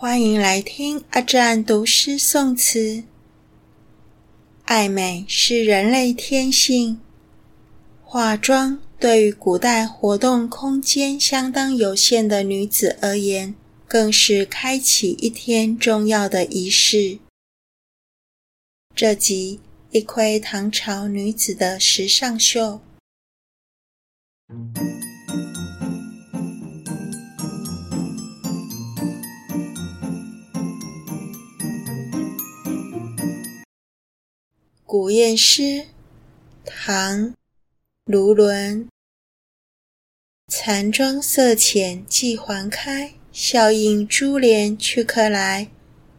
歡迎來聽阿占讀詩宋詞。愛美是人類天性，化妝對於古代活動空間相當有限的女子而言，更是開啟一天重要的儀式。這集一窺唐朝女子的時尚秀。古艷詩，唐，盧綸。殘妝色淺髻鬟開，笑映朱簾覷客來。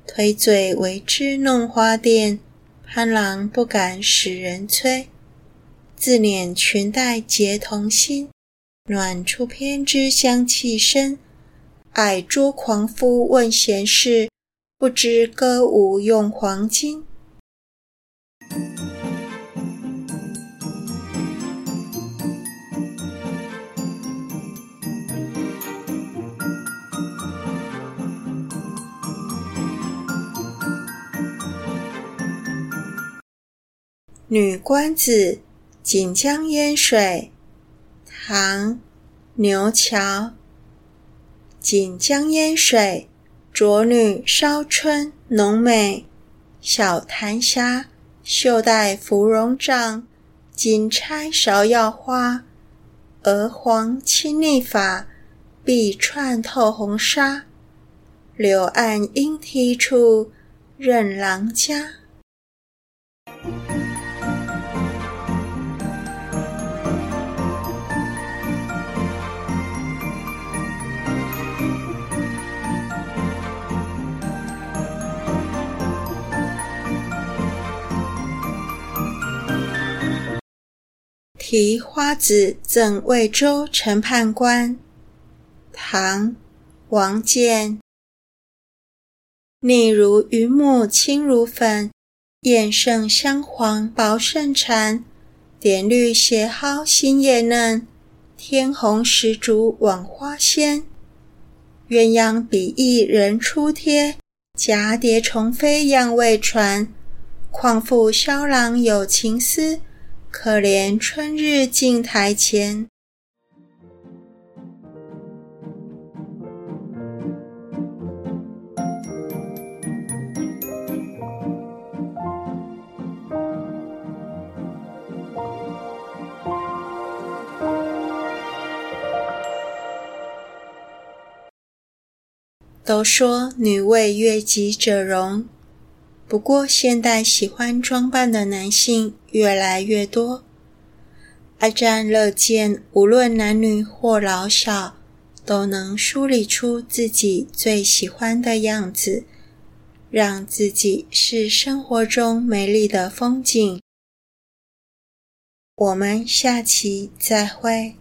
推醉唯知弄花鈿，潘郎不敢使人催。自拈裙帶結同心，暖處偏知香氣深。愛捉狂夫問閒事，不知歌舞用黃金。《女冠子·錦江煙水》唐·牛嶠。錦江煙水，卓女燒春濃美。小檀霞，繡帶芙蓉帳，金釵芍藥花。額黃侵膩髮，臂釧透紅紗。柳暗鶯啼處，認郎家。題花子贈渭州陳判官，唐·王建。膩如雲母，輕如粉；艷勝香黃，薄勝蟬。點綠斜蒿新葉嫩，添紅石竹晚花鮮。鴛鴦比翼人初帖，蛺蝶重飛樣未傳。況復蕭郎有情思。可憐春日鏡台前。都說女為悅己者容。不過，現代喜歡裝扮的男性越來越多，愛佔樂見，無論男女或老少，都能梳理出自己最喜歡的樣子，讓自己是生活中美麗的風景。我們下期再會。